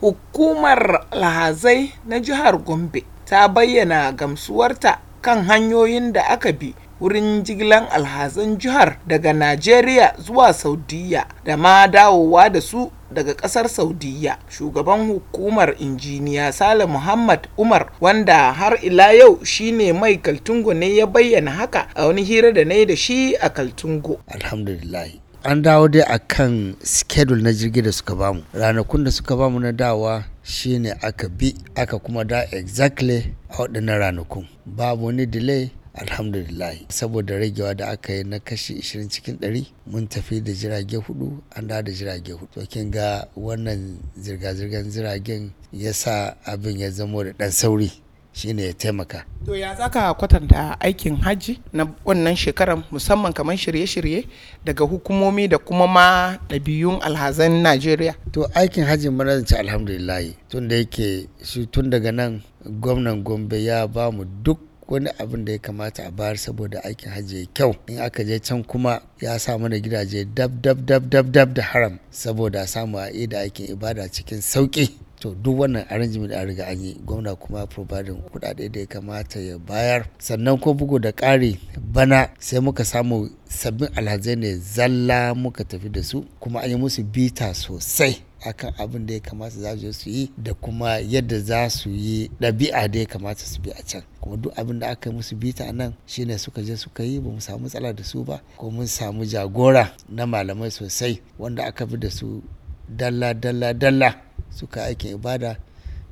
Hukumar Alhazai na Jihar Gombe ta bayyana gamsuwarta kan hanyoyin da aka bi wurin jigilan alhazan jihar daga Najeriya zuwa Saudiyya da ma dawowa da su daga kasar Saudiyya. Shugaban hukumar Injiniya Sale Muhammad Umar wanda har ila yau shine mai Kaltungo ne ya bayyana haka a wani hira da na yi da shi a Kaltungo. Alhamdulillah. an dawo dai a kan schedule na jirgi da suka bamu ranakun da suka bamu na dawa shine aka bi aka kuma da exactly a waɗannan ranakun babu wani delay alhamdulillah saboda ragewa da aka yi na kashi 20 cikin 100 mun tafi da jirage hudu an da da jirage hudu to kin ga wannan zirga-zirgar jiragen ya sa abin ya zamo da ɗan sauri shine ya taimaka. To ya zaka kwatanta aikin hajji na wannan shekarar musamman kamar shirye-shirye daga hukumomi da kuma ma ɗabi'un alhazan Najeriya? To aikin hajji muna zance alhamdulillahi tun da yake shi tun daga nan gwamnan Gombe ya ba mu duk wani abin da ya kamata a bayar saboda aikin hajji ya kyau in aka je can kuma ya sa mana gidaje dab dab dab dab dab da haram saboda samu a da aikin ibada cikin sauki to duk wannan arrangement an riga an yi gwamna kuma providing kuɗaɗe da ya kamata ya bayar sannan ko bugu da ƙari bana sai muka samu sabbin alhazai ne zalla muka tafi da su kuma an yi musu bita sosai akan abin da ya kamata za su yi da kuma yadda za su yi ɗabi'a da ya kamata su bi a can kuma duk abin da aka yi musu bita nan shine suka je suka yi ba mu samu matsala da su ba ko mun samu jagora na malamai sosai wanda aka bi da su dalla dalla dalla suka aikin ibada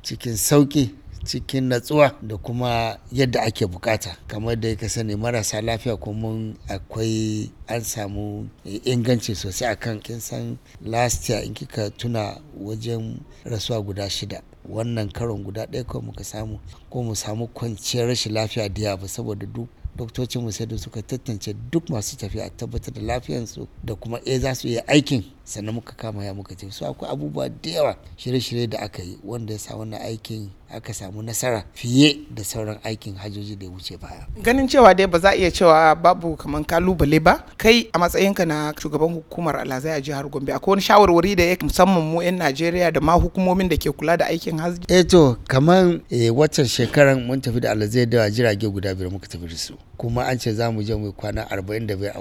cikin sauƙi cikin natsuwa da kuma yadda ake bukata kamar da ka sani marasa lafiya kuma akwai an samu inganci sosai akan kin san last year in kika tuna wajen rasuwa guda shida wannan karon guda ɗaya kawai muka samu ko mu samu kwanciyar rashin lafiya da yaba saboda duk doktocin sai da suka tantance duk masu tafiya a tabbatar da lafiyarsu da kuma e za su iya aikin sannan muka kama ya muka tafi su akwai abubuwa da yawa shirye-shirye da aka yi wanda ya sa wannan aikin aka samu nasara fiye da sauran aikin hajjoji da ya wuce baya ganin cewa dai ba za a iya cewa babu kamar kalubale ba kai a matsayinka na shugaban hukumar alhazai a jihar gombe akwai wani shawarwari da ya musamman mu 'yan najeriya da ma hukumomin da ke kula da aikin hajji eh to kaman eh, waccan shekaran mun tafi da alhazai da jirage guda biyar muka tafi da su kuma an ce za mu je mu kwana 45 a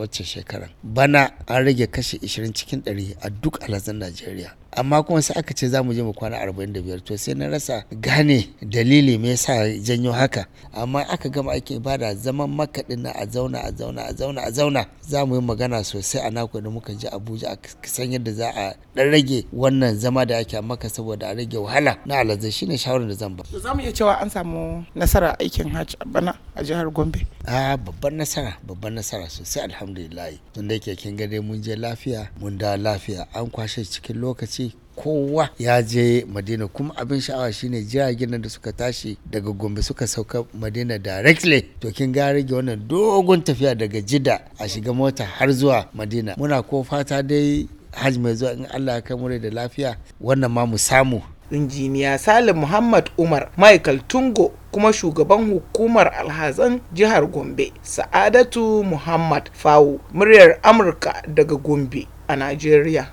waccan shekaran bana an rage kashe 20 cikin ɗari a duk alhazan Najeriya. Amma kuma sai aka ce za mu je mu kwana 45 to sai na rasa gane dalili me yasa janyo haka. Amma aka gama aikin ibada zaman makaɗin na a zauna a zauna a zauna a zauna za mu yi magana sosai a nako da muka je Abuja a san yadda za a ɗan rage wannan zama da ake maka saboda a rage wahala na alhazai shine shawarar da zan ba. Za mu iya cewa an samu nasara aikin hajj bana. a jihar gombe a babban nasara babban nasara sosai alhamdulillah tun da yake kin dai mun je lafiya mun da lafiya an kwashe cikin lokaci kowa ya je madina kuma abin sha'awa shine jiragen da suka tashi daga gombe suka sauka madina directly to kin ga rage wannan dogon tafiya daga jida a shiga mota har zuwa madina muna ko fata dai hajji mai zuwa in allah ya kai da lafiya wannan ma mu samu injiniya salim muhammad umar michael tungo kuma shugaban hukumar alhazan jihar gombe sa'adatu muhammad fawo muryar amurka daga gombe a najeriya